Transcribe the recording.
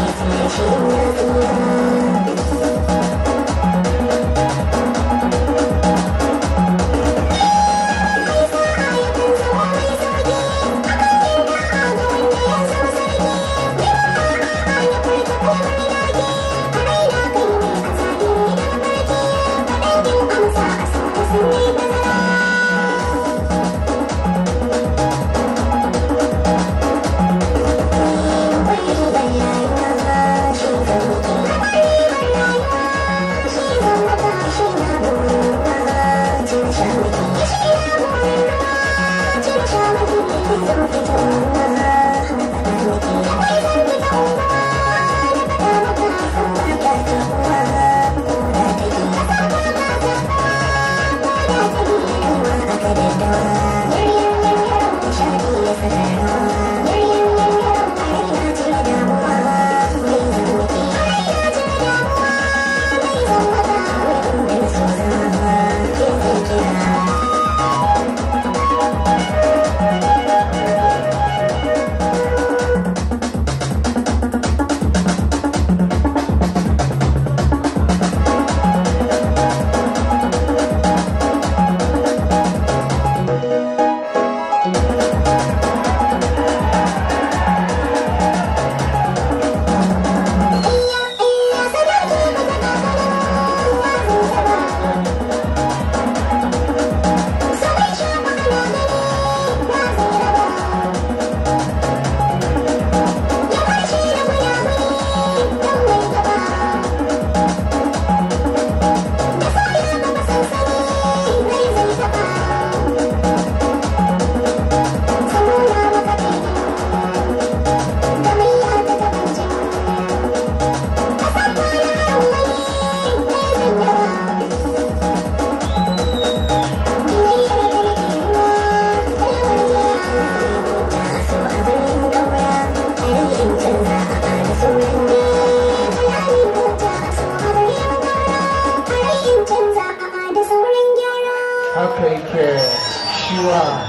一曲情歌。care, Shua.